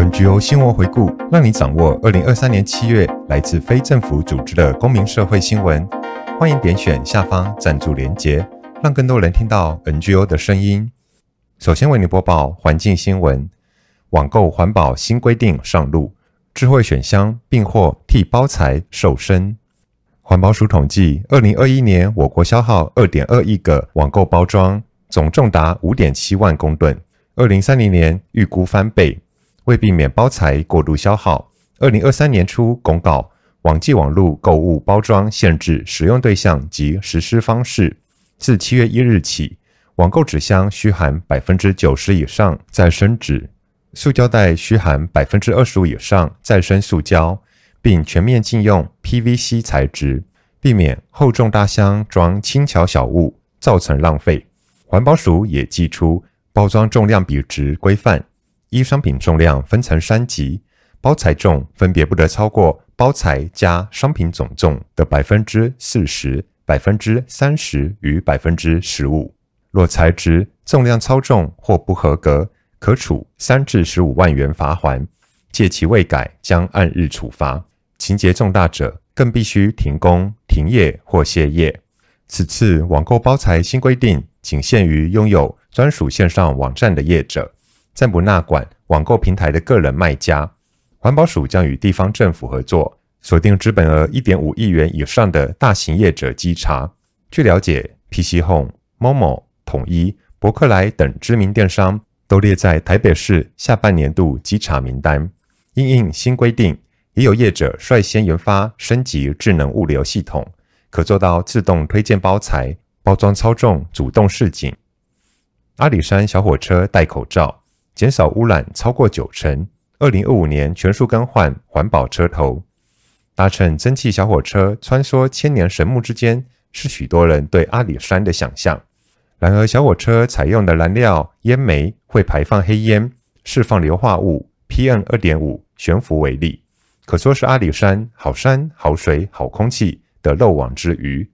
NGO 新聞回顧，讓你掌握二零二三年七月來自非政府組織的公民社會新聞。歡迎點選下方贊助鏈接，讓更多人聽到 NGO 的聲音。首先為您播報環境新聞：網購環保新規定上路，智慧選箱併貨替包材瘦身。環保署統計，二零二一年我國消耗二點二億個網購包裝，總重達五點七萬公噸。二零三零年預估翻倍。為避免包材過度消耗，二零二三年初公告《網際網路購物包裝限制使用對象及實施方式》，自七月一日起，網購紙箱需含百分之九十以上再生紙，塑膠袋需含百分之二十五以上再生塑膠，並全面禁用 PVC 材質，避免厚重大箱裝輕巧小物造成浪費。環保署也祭出包裝重量比值規範。依商品重量分成三級，包材重分別不得超過包材加商品總重的百分之四十、百分之三十與百分之十五。若材質重量超重或不合格，可處三至十五萬元罰款，屆期未改將按日處罰，情節重大者更必須停工、停業或歇業。此次網購包材新規定僅限於擁有專屬線上網站的業者。暫不納管網購平台的個人賣家，環保署將與地方政府合作，鎖定資本額一點五億元以上的大型業者稽查。據了解，PC Home、Momo、統一、伯克萊等知名電商都列在台北市下半年度稽查名單。因應新規定，也有業者率先研發升級智能物流系統，可做到自動推薦包材、包裝操縱、主動示警。阿里山小火車戴口罩。減少污染，超過九成。二零二五年，全數更換環保車頭。搭乘蒸汽小火車穿梭千年神木之間，是許多人對阿里山的想象。然而，小火車採用的燃料煙煤會排放黑煙，釋放硫化物、PM 二點五懸浮微粒，可說是阿里山好山好水好空氣的漏網之魚。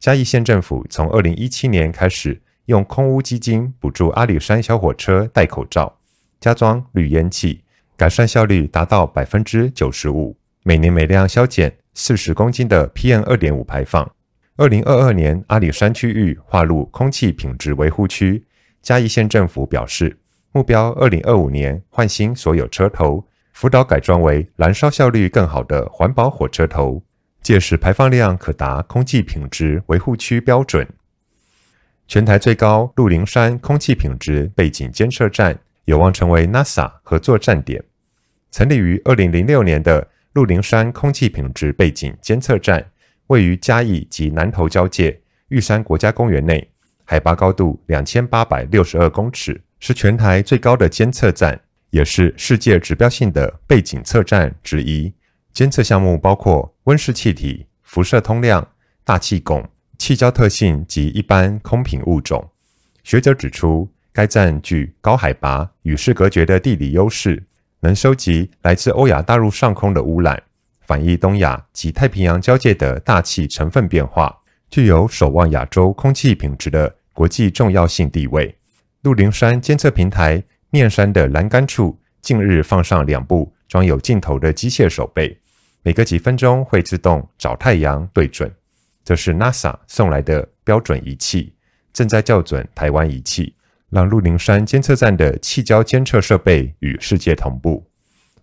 嘉義縣政府從二零一七年開始，用空污基金補助阿里山小火車戴口罩。加裝濾煙器，改善效率達到百分之九十五，每年每輛削減四十公斤的 PM 二點五排放。二零二二年，阿里山區域劃入空氣品質維護區。嘉義縣政府表示，目標二零二五年換新所有車頭，輔導改裝為燃燒效率更好的環保火車頭，屆時排放量可達空氣品質維護區標準。全台最高鹿林山空氣品質背景監測站，有望成為 NASA 合作站點。成立於2006年的鹿林山空氣品質背景監測站，位於嘉義及南投交界玉山國家公園內，海拔高度2862公尺，是全台最高的監測站，也是世界指標性的背景測站之一。監測項目包括溫室氣體、輻射通量、大氣汞、氣膠特性及一般空品物種。學者指出，該站具高海拔、與世隔絕的地理優勢，能收集來自歐亞大陸上空的污染，反映東亞及太平洋交界的大氣成分變化，具有守望亞洲空氣品質的國際重要性地位。鹿林山監測平台面山的欄杆處，近日放上兩部裝有鏡頭的機械手臂，每隔幾分鐘會自動找太陽對準。這是 NASA 送來的標準儀器，正在校準台灣儀器。讓鹿林山監測站的氣膠監測設備與世界同步。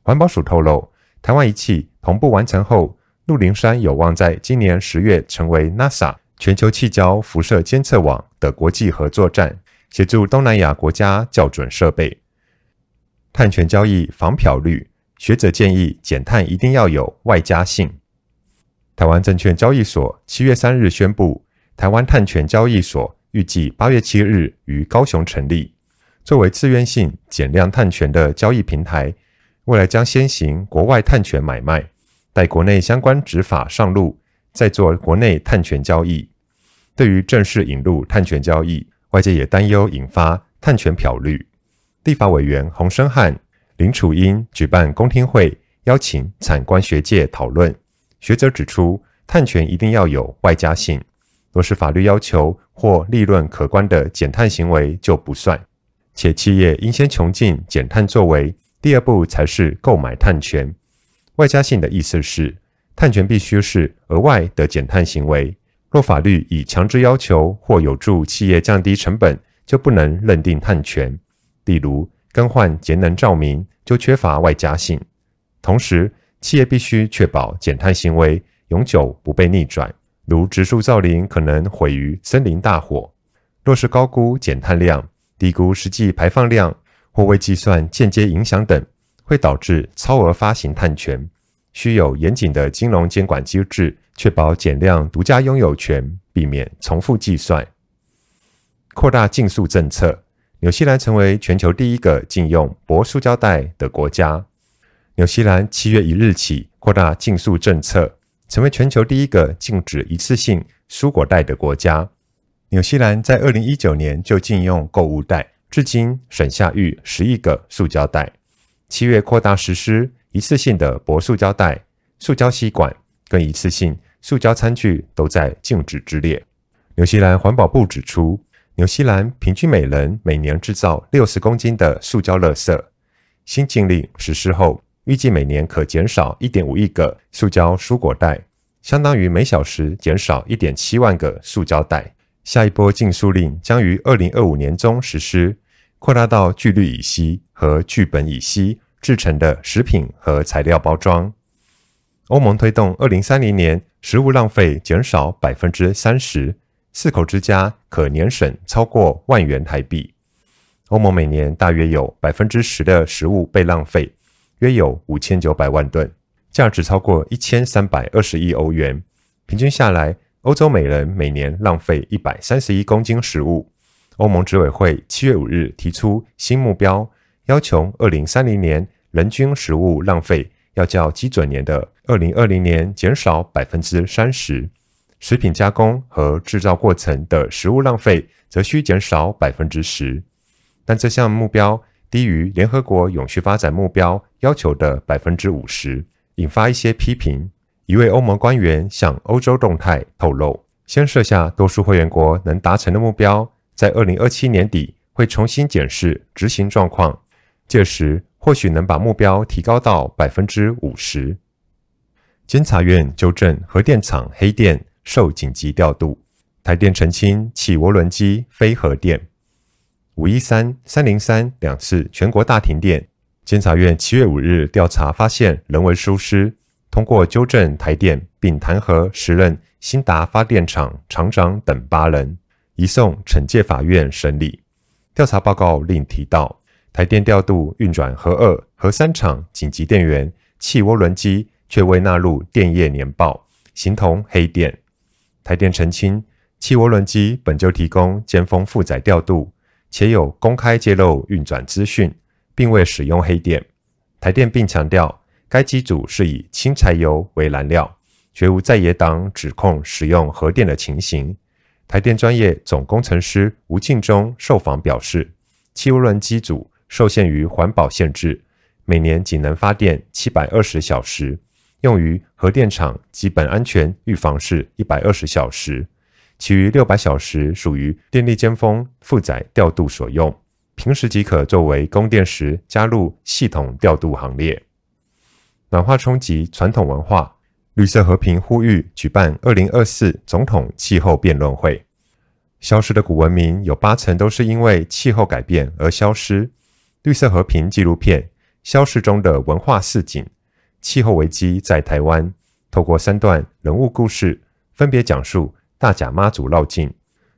環保署透露，台灣儀器同步完成後，鹿林山有望在今年十月成為 NASA 全球氣膠輻射監測網的國際合作站，協助東南亞國家校準設備。碳權交易防漂綠，學者建議減碳一定要有外加性。台灣證券交易所七月三日宣布，台灣碳權交易所。預計八月七日於高雄成立，作為自願性減量碳權的交易平台，未來將先行國外碳權買賣，待國內相關執法上路，再做國內碳權交易。對於正式引入碳權交易，外界也擔憂引發碳權漂綠。立法委員洪申翰、林楚英舉辦公聽會，邀請產官學界討論。學者指出，碳權一定要有外加性。若是法律要求或利潤可觀的減碳行為就不算，且企業應先窮盡減碳作為，第二步才是購買碳權。外加性的意思是，碳權必須是額外的減碳行為。若法律已強制要求或有助企業降低成本，就不能認定碳權。例如更換節能照明就缺乏外加性。同時，企業必須確保減碳行為永久不被逆轉。如植樹造林可能毀於森林大火，若是高估減碳量、低估實際排放量或未計算間接影響等，會導致超額發行碳權。需有嚴謹的金融監管機制，確保減量獨家擁有權，避免重複計算。擴大禁塑政策，紐西蘭成為全球第一個禁用薄塑膠袋的國家。紐西蘭七月一日起擴大禁塑政策。成為全球第一個禁止一次性蔬果袋的國家，紐西蘭在2019年就禁用購物袋，至今省下逾十億個塑膠袋。七月擴大實施，一次性的薄塑膠袋、塑膠吸管跟一次性塑膠餐具都在禁止之列。紐西蘭環保部指出，紐西蘭平均每人每年製造六十公斤的塑膠垃圾，新禁令實施後，預計每年可減少一點五億個塑膠蔬果袋，相當於每小時減少一點七萬個塑膠袋。下一波禁塑令將於二零二五年中實施，擴大到聚氯乙烯和聚苯乙烯製成的食品和材料包裝。歐盟推動二零三零年食物浪費減少百分之三十，四口之家可年省超過萬元台幣。歐盟每年大約有百分之十的食物被浪費。約有五千九百萬噸，價值超過一千三百二十億歐元。平均下來，歐洲每人每年浪費一百三十一公斤食物。歐盟執委會七月五日提出新目標，要求二零三零年人均食物浪費要較基準年的二零二零年減少百分之三十，食品加工和制造過程的食物浪費則需減少百分之十。但這項目標，低於聯合國永續發展目標要求的百分之五十，引發一些批評。一位歐盟官員向《歐洲動態》透露，先設下多數會員國能達成的目標，在二零二七年底會重新檢視執行狀況，屆時或許能把目標提高到百分之五十。監察院糾正核電廠黑電受緊急調度，台電澄清氣渦輪機非核電。五一三三零三兩次全國大停電，監察院七月五日調查發現人為疏失，通過糾正台電，並彈劾時任興達發電廠廠，廠長等八人，移送懲戒法院審理。調查報告另提到，台電調度運轉核二、核三廠緊急電源氣渦輪機卻未納入電業年報，形同黑電。台電澄清，氣渦輪機本就提供尖峰負載調度。且有公開揭露運轉資訊，並未使用黑電。台電並強調，該機組是以輕柴油為燃料，絕無在野黨指控使用核電的情形。台電專業總工程師吳敬忠受訪表示，氣渦輪機組受限於環保限制，每年僅能發電七百二十小時，用於核電廠基本安全預防是一百二十小時。其餘六百小時屬於電力尖峰負載調度所用，平時即可作為供電時加入系統調度行列。暖化衝擊傳統文化，綠色和平呼籲舉辦二零二四總統氣候辯論會。消失的古文明有八成都是因為氣候改變而消失。綠色和平紀錄片《消失中的文化市景》，氣候危機在台灣，透過三段人物故事，分別講述。大甲媽祖繞境、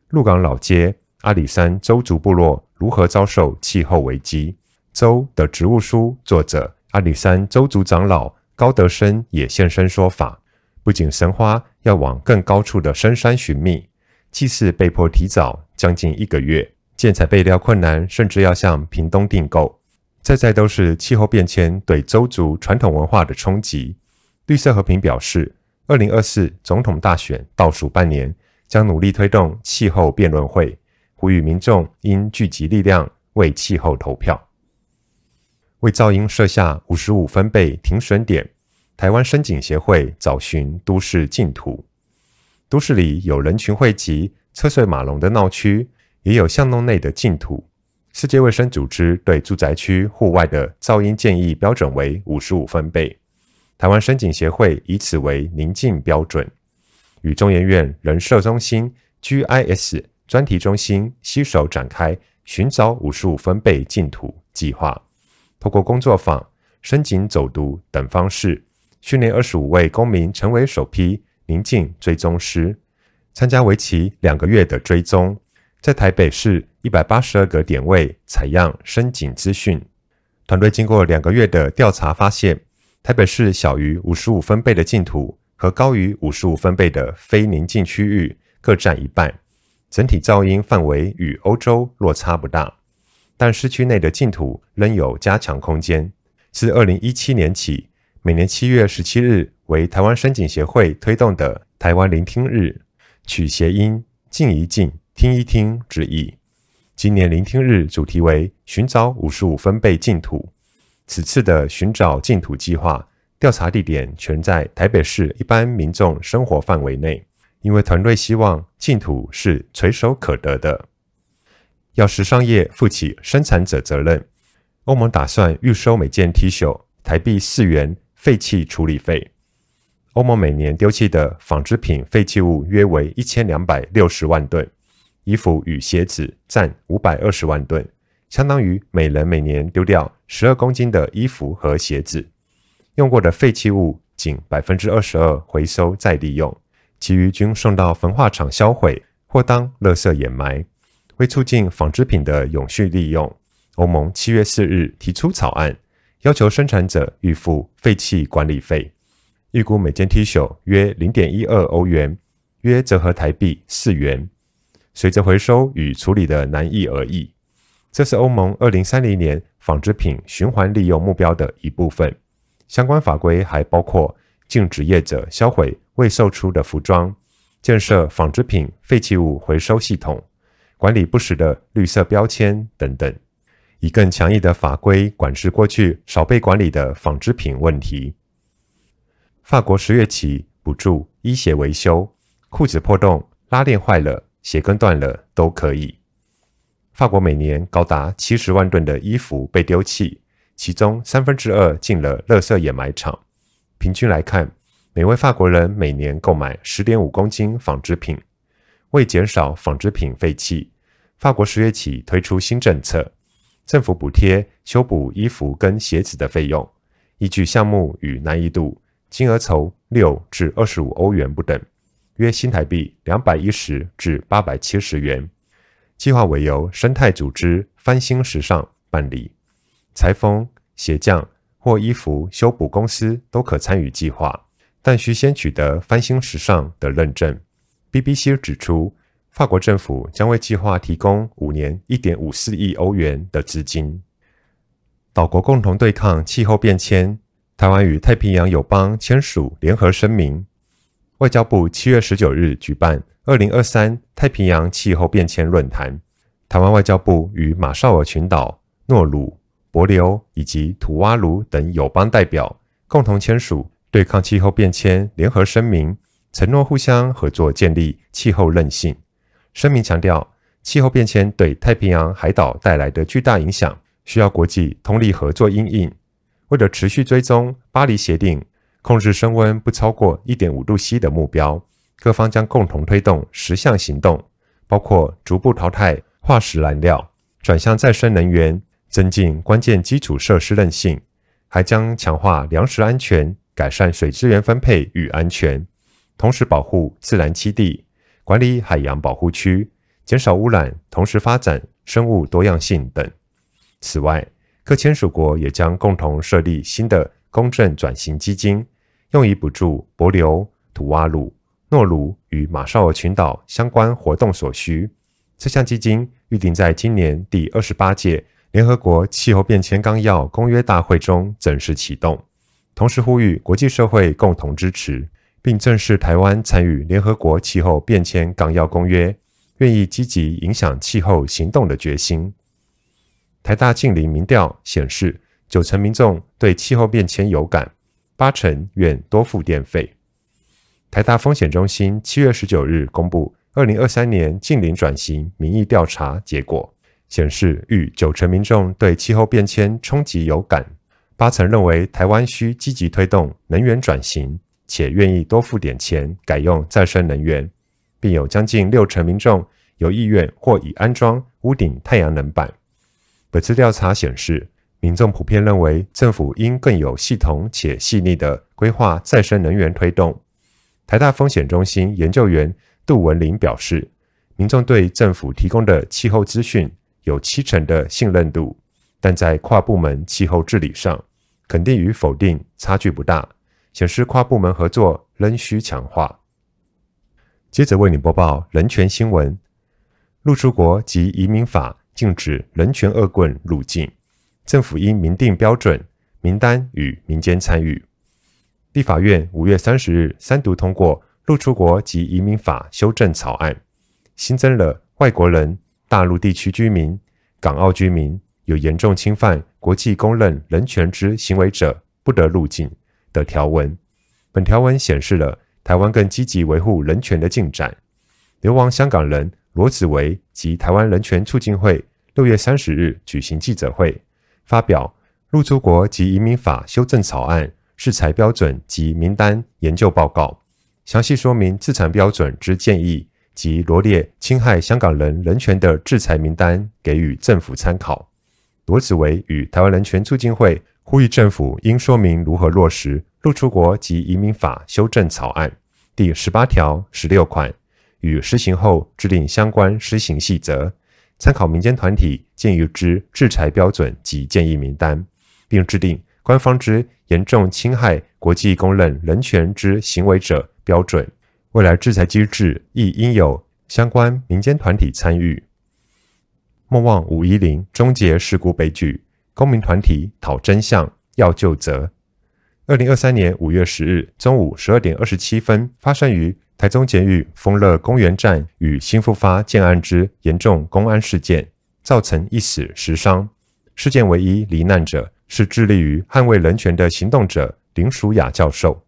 鹿港老街、阿里山鄒族部落如何遭受氣候危機？鄒的植物書作者、阿里山鄒族長老高德生也現身說法：不僅神花要往更高處的深山尋覓，祭祀被迫提早將近一個月；建材備料困難，甚至要向屏東訂購。在在都是氣候變遷對鄒族傳統文化的衝擊。綠色和平表示。二零二四總統大選倒數半年，將努力推動氣候辯論會，呼籲民眾應聚集力量為氣候投票。為噪音設下五十五分貝停損點，台灣聲景協會找尋都市靜土。都市裡有人群匯集、車水馬龍的鬧區，也有巷弄內的淨土。世界衛生組織對住宅區戶外的噪音建議標準為五十五分貝。台灣聲景協會以此為寧靜標準，與中研院人社中心、GIS 專題中心攜手展開“尋找五十五分貝淨土”計劃。透過工作坊、聲景走讀等方式，訓練二十五位公民成為首批寧靜追蹤師，參加為期兩個月的追蹤，在台北市一百八十二個點位採樣聲景資訊。團隊經過兩個月的調查，發現。台北市小於五十五分貝的淨土和高於五十五分貝的非寧靜區域各占一半，整體噪音範圍與歐洲落差不大，但市區內的淨土仍有加強空間。自二零一七年起，每年七月十七日為台灣聲景協會推動的台灣聆聽日，取諧音“靜一靜，聽一聽”之意。今年聆聽日主題為“尋找五十五分貝淨土”。此次的尋找淨土計劃調查地點全在台北市一般民眾生活範圍內，因為團隊希望淨土是垂手可得的。要時尚業負起生產者責任，歐盟打算預收每件 T 恤台幣四元廢棄處理費。歐盟每年丟棄的紡織品廢棄物約為一千兩百六十萬噸，衣服與鞋子佔五百二十萬噸。相當於每人每年丟掉十二公斤的衣服和鞋子，用過的廢棄物僅百分之二十二回收再利用，其餘均送到焚化廠銷毀或當垃圾掩埋。為促進紡織品的永續利用，歐盟七月四日提出草案，要求生產者預付廢棄管理費，預估每件 T 恤約零點一二歐元，約折合台幣四元，隨着回收與處理的難易而異。這是歐盟2030年紡織品循環利用目標的一部分。相關法規還包括禁止業者銷毀未售出的服裝、建設紡織品廢棄物回收系統、管理不實的綠色標籤等等，以更強硬的法規管制過去少被管理的紡織品問題。法國十月起補助衣鞋維修，褲子破洞、拉鏈壞了、鞋跟斷了都可以。法國每年高達七十萬噸的衣服被丟棄，其中三分之二進了垃圾掩埋場。平均來看，每位法國人每年購買十點五公斤紡織品。為減少紡織品廢棄，法國十月起推出新政策，政府補貼修補衣服跟鞋子的費用，依據項目與難易度，金額從六至二十五歐元不等，約新台幣兩百一十至八百七十元。計劃為由生態組織翻新時尚辦理，裁縫、鞋匠或衣服修補公司都可參與計劃，但需先取得翻新時尚的認證。BBC 指出，法國政府將為計劃提供五年一點五四億歐元的資金。島國共同對抗氣候變遷，台灣與太平洋友邦簽署聯合聲明。外交部七月十九日舉辦二零二三太平洋氣候變遷論壇，台灣外交部與馬紹爾群島、諾魯、帛琉以及土瓦盧等友邦代表共同簽署對抗氣候變遷聯合聲明，承諾互相合作建立氣候韌性。聲明強調，氣候變遷對太平洋海島帶來的巨大影響，需要國際通力合作因應。為了持續追蹤巴黎協定。控制升溫不超過一點五度 C 的目標，各方將共同推動十項行動，包括逐步淘汰化石燃料，轉向再生能源，增進關鍵基礎設施韌性，還將強化糧食安全，改善水資源分配與安全，同時保護自然棲地，管理海洋保護區，減少污染，同時發展生物多樣性等。此外，各簽署國也將共同設立新的。公正轉型基金用以補助帛琉、吐瓦魯、諾魯與馬紹爾群島相關活動所需。這項基金預定在今年第二十八屆聯合國氣候變遷綱要公約大會中正式啟動，同時呼籲國際社會共同支持，並正視台灣參與聯合國氣候變遷綱要公約，願意積極影響氣候行動的決心。台大淨零民調顯示。九成民眾對氣候變遷有感，八成願多付電費。台大風險中心七月十九日公布二零二三年淨零轉型民意調查結果，顯示逾九成民眾對氣候變遷衝擊有感，八成認為台灣需積極推動能源轉型，且願意多付點錢改用再生能源，並有將近六成民眾有意願或已安裝屋頂太陽能板。本次調查顯示，民眾普遍認為，政府應更有系統且細膩的規劃再生能源推動。台大風險中心研究員杜文玲表示，民眾對政府提供的氣候資訊有七成的信任度，但在跨部門氣候治理上，肯定與否定差距不大，顯示跨部門合作仍需強化。接着為你播報人權新聞：入出國及移民法禁止人權惡棍入境。政府應明定標準、名單與民間參與。立法院五月三十日三讀通過《入出國及移民法》修正草案，新增了外國人、大陸地區居民、港澳居民有嚴重侵犯國際公認人權之行為者不得入境的條文。本條文顯示了台灣更積極維護人權的進展。流亡香港人羅子維及台灣人權促進會六月三十日舉行記者會。發表《入出國及移民法修正草案》制裁標準及名單研究報告，詳細說明制裁標準之建議及羅列侵害香港人人權的制裁名單，給予政府參考。羅子維與台灣人權促進會呼籲政府應說明如何落實《入出國及移民法修正草案》第十八條十六款與施行後制定相關施行細則。參考民間團體建議之制裁標準及建議名單，並制定官方之嚴重侵害國際公認人權之行為者標準。未來制裁機制亦應有相關民間團體參與。莫忘五一零，中捷事故悲劇，公民團體討真相，要究責。二零二三年五月十日中午十二點二十七分，發生於台中捷運豐樂公園站與新復發建案之嚴重公安事件，造成一死十傷。事件唯一罹難者是致力於捍衛人權的行動者林淑雅教授。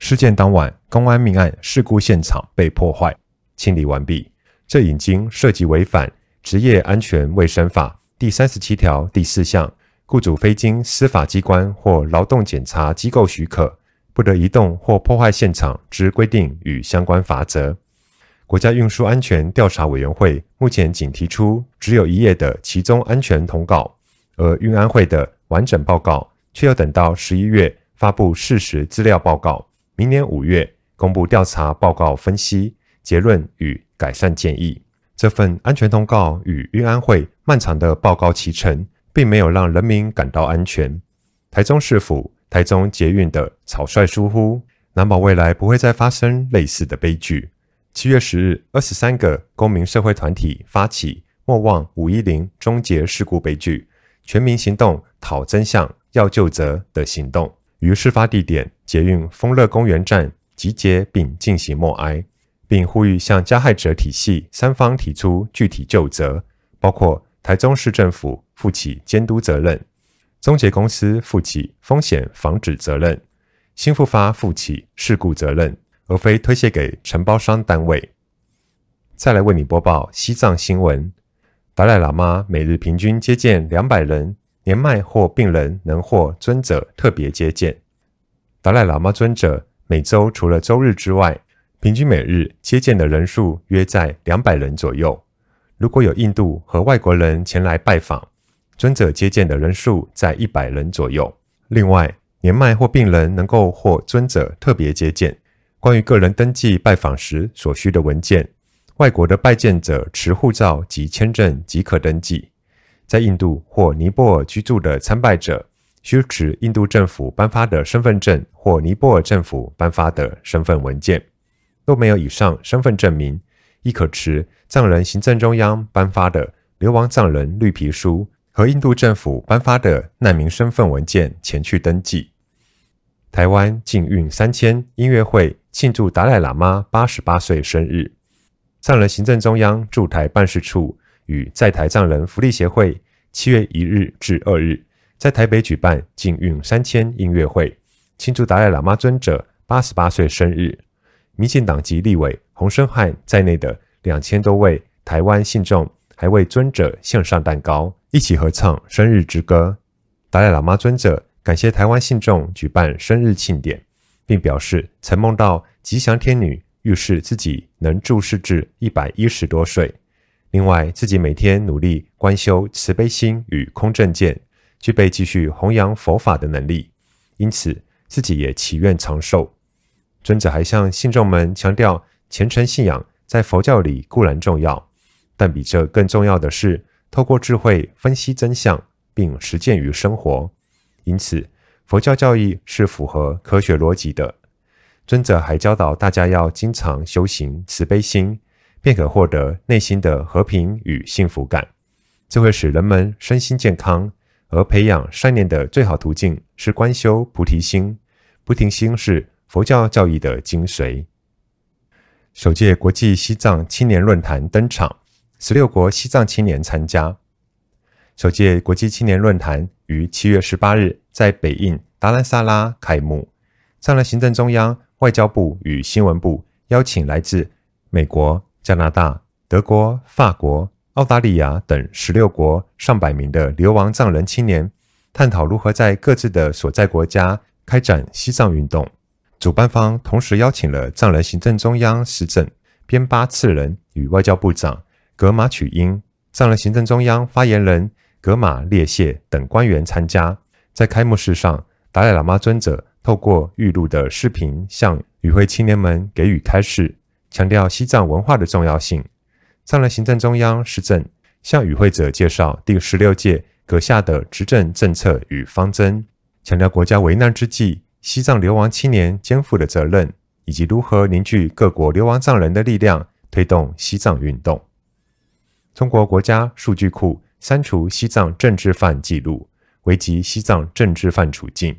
事件當晚，公安命案事故現場被破壞，清理完畢。這已經涉及違反《職業安全衛生法》第三十七條第四項，雇主非經司法機關或勞動檢查機構許可，不得移動或破壞現場之規定與相關罰則。國家運輸安全調查委員會目前僅提出只有一頁的其中安全通告，而運安會的完整報告卻又等到十一月發布事實資料報告，明年五月公布調查報告分析結論與改善建議。這份安全通告與運安會漫長的報告期程並沒有讓人民感到安全。台中市府台中捷運的草率疏忽，難保未來不會再發生類似的悲劇。七月十日，二十三個公民社會團體發起“莫忘五一零，終結事故悲劇，全民行動討真相，要究責”的行動，於事發地點捷運豐樂公園站集結並進行默哀，並呼籲向加害者體系三方提出具體究責，包括台中市政府負起監督責任，中捷公司負起風險防止責任，新富發負起事故責任，而非推卸給承包商單位。再來為你播報西藏新聞：達賴喇嘛每日平均接見兩百人，年邁或病人能獲尊者特別接見。達賴喇嘛尊者每週除了週日之外，平均每日接見的人數約在兩百人左右。如果有印度和外國人前來拜訪，尊者接見的人數在一百人左右。另外，年邁或病人能夠獲尊者特別接見。關於個人登記拜訪時所需的文件，外國的拜見者持護照及簽證即可登記。在印度或尼泊爾居住的參拜者，需持印度政府頒發的身份證或尼泊爾政府頒發的身份文件。若沒有以上身份證明，亦可持藏人行政中央頒發的流亡藏人綠皮書和印度政府頒發的難民身份文件前去登記。台灣淨韻三千音樂會慶祝達賴喇嘛八十八歲生日。藏人行政中央駐台辦事處與在台藏人福利協會，七月一日至二日，在台北舉辦淨韻三千音樂會，慶祝達賴喇嘛尊者八十八歲生日。民進黨籍立委洪申翰在內的兩千多位台灣信眾，還為尊者獻上蛋糕。一起合唱生日之歌，達賴喇嘛尊者感謝台灣信眾舉辦生日慶典，並表示曾夢到吉祥天女，預示自己能住世至一百一十多歲。另外，自己每天努力觀修慈悲心與空正見，具備繼續弘揚佛法的能力，因此自己也祈願長壽。尊者還向信眾們強調，虔誠信仰在佛教裡固然重要，但比這更重要的是，透過智慧分析真相，並實踐於生活，因此佛教教義是符合科學邏輯的。尊者還教導大家要經常修行慈悲心，便可獲得內心的和平與幸福感，這會使人們身心健康。而培養善念的最好途徑是觀修菩提心。菩提心是佛教教義的精髓。首屆國際西藏青年論壇登場。十六國西藏青年參加首屆國際青年論壇，於七月十八日在北印達蘭薩拉開幕。藏人行政中央外交部與新聞部邀請來自美國、加拿大、德國、法國、澳大利亞等十六國上百名的流亡藏人青年，探討如何在各自的所在國家開展西藏運動。主辦方同時邀請了藏人行政中央司政邊巴次仁與外交部長。格馬曲英、藏人行政中央發言人格馬列謝等官員參加。在開幕式上，達賴喇嘛尊者透過預錄的視頻向與會青年們給予開示，強調西藏文化的重要性。藏人行政中央司政，向與會者介紹第十六屆閣下的執政政策與方針，強調國家危難之際，西藏流亡青年肩負的責任，以及如何凝聚各國流亡藏人的力量，推動西藏運動。中國國家數據庫刪除西藏政治犯記錄，危及西藏政治犯處境。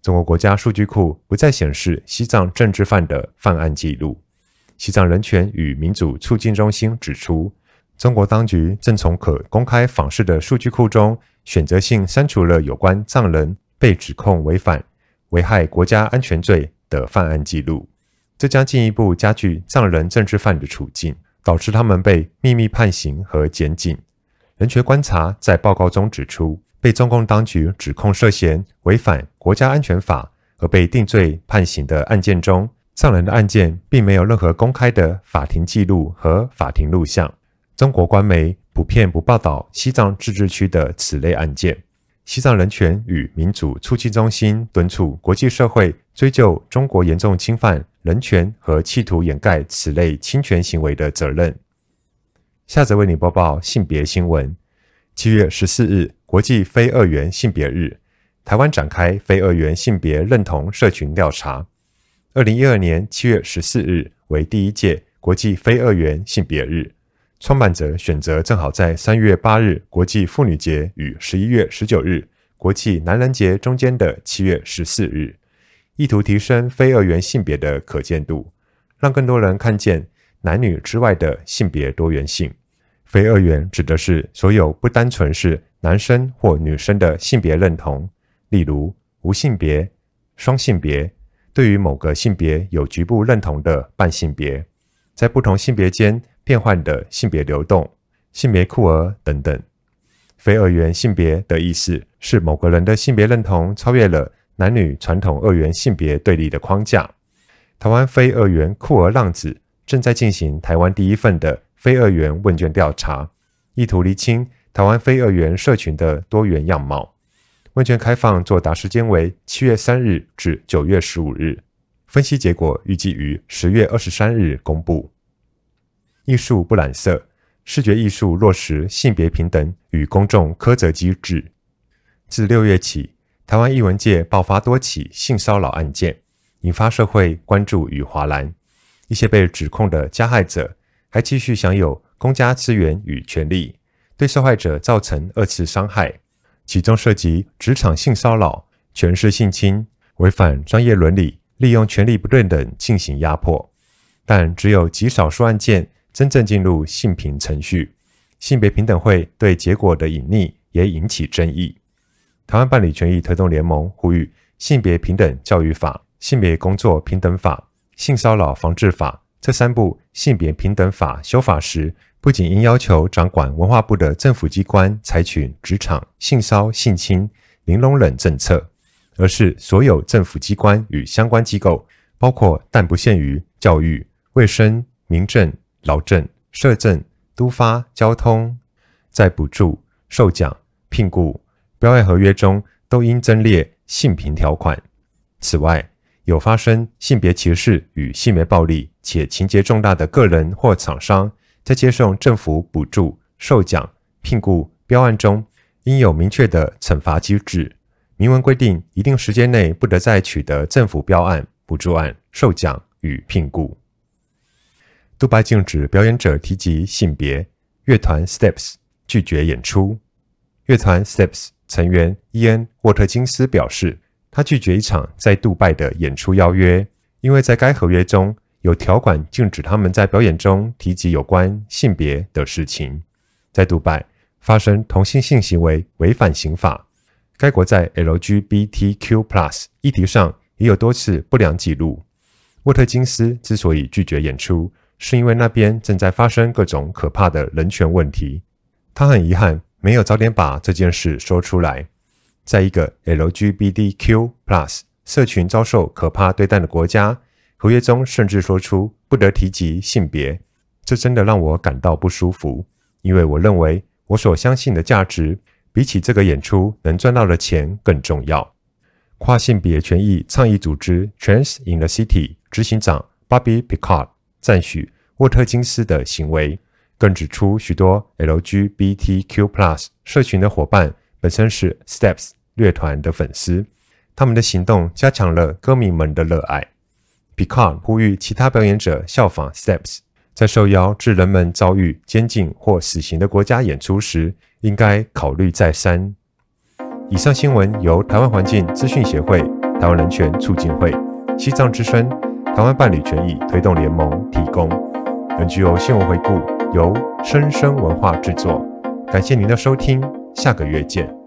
中國國家數據庫不再顯示西藏政治犯的犯案記錄。西藏人權與民主促進中心指出，中國當局正從可公開訪視的數據庫中選擇性刪除了有關藏人被指控違反、危害國家安全罪的犯案記錄，這將進一步加劇藏人政治犯的處境。導致他們被秘密判刑和監禁。人權觀察在報告中指出，被中共當局指控涉嫌違反國家安全法和被定罪判刑的案件中，藏人的案件並沒有任何公開的法庭記錄和法庭錄像。中國官媒普遍不報道西藏自治區的此類案件。西藏人權與民主促進中心敦促國際社會追究中國嚴重侵犯。人權和企圖掩蓋此類侵權行為的責任。下則為你播報，報性別新聞：七月十四日，國際非二元性別日，台灣展開非二元性別認同社群調查。二零一二年七月十四日為第一屆國際非二元性別日，創辦者選擇正好在三月八日國際婦女節與十一月十九日國際男人節中間的七月十四日。意圖提升非二元性別的可見度，讓更多人看見男女之外的性別多元性。非二元指的是所有不單純是男生或女生的性別認同，例如無性別、雙性別、對於某個性別有局部認同的半性別、在不同性別間變換的性別流動、性別酷兒等等。非二元性別的意思是某個人的性別認同超越了男女傳統二元性別對立的框架，台灣非二元酷兒浪子正在進行台灣第一份的非二元問卷調查，意圖釐清台灣非二元社群的多元樣貌。問卷開放作答時間為七月三日至九月十五日，分析結果預計於十月二十三日公布。藝術不染色，視覺藝術落實性別平等與公眾課責機制。自六月起。台灣藝文界爆發多起性騷擾案件，引發社會關注與嘩然。一些被指控的加害者還繼續享有公家資源與權利，對受害者造成二次傷害。其中涉及職場性騷擾、權勢性侵、違反專業倫理、利用權力不對等進行壓迫。但只有極少數案件真正進入性平程序，性別平等會對結果的隱匿也引起爭議。台灣伴侶權益推動聯盟呼籲，性別平等教育法、性別工作平等法、性騷擾防治法這三部性別平等法修法時，不僅應要求掌管文化部的政府機關採取職場性騷性侵零容忍政策，而是所有政府機關與相關機構，包括但不限於教育、衛生、民政、勞政、社政、都發、交通、在補助、授獎、聘雇，標案合約中都應增列性平條款。此外，有發生性別歧視與性別暴力且情節重大的個人或廠商，在接受政府補助、授獎、聘雇標案中，應有明確的懲罰機制，明文規定一定時間內不得再取得政府標案、補助案、授獎與聘雇。杜拜禁止表演者提及性別，樂團 Steps 拒絕演出，樂團 Steps。成員伊恩·沃特金斯表示，他拒絕一場在杜拜的演出邀約，因為在該合約中有條款禁止他們在表演中提及有關性別的事情。在杜拜，發生同性性行為違反刑法，該國在 LGBTQ+ plus 議題上也有多次不良記錄。沃特金斯之所以拒絕演出，是因為那邊正在發生各種可怕的人權問題，他很遺憾。沒有早點把這件事說出來，在一個 LGBTQ+ 社群遭受可怕對待的國家，合約中甚至說出不得提及性別，這真的讓我感到不舒服。因為我認為我所相信的價值，比起這個演出能賺到的錢更重要。跨性別權益倡議組織 Trans in the City 執行長 Bobby Picard 讚許沃特金斯的行為。更指出，許多 LGBTQ+ Plus 社群的夥伴本身是 Steps 樂團的粉絲，他們的行動加強了歌迷們的熱愛。Picard 呼籲其他表演者效仿 Steps，在受邀至人們遭遇監禁或死刑的國家演出時，應該考慮再三。以上新聞由台灣環境資訊協會、台灣人權促進會、西藏之聲、台灣伴侶權益推動聯盟提供。本節目由新聞回顧。由生聲文化製作，感謝您的收聽，下個月見。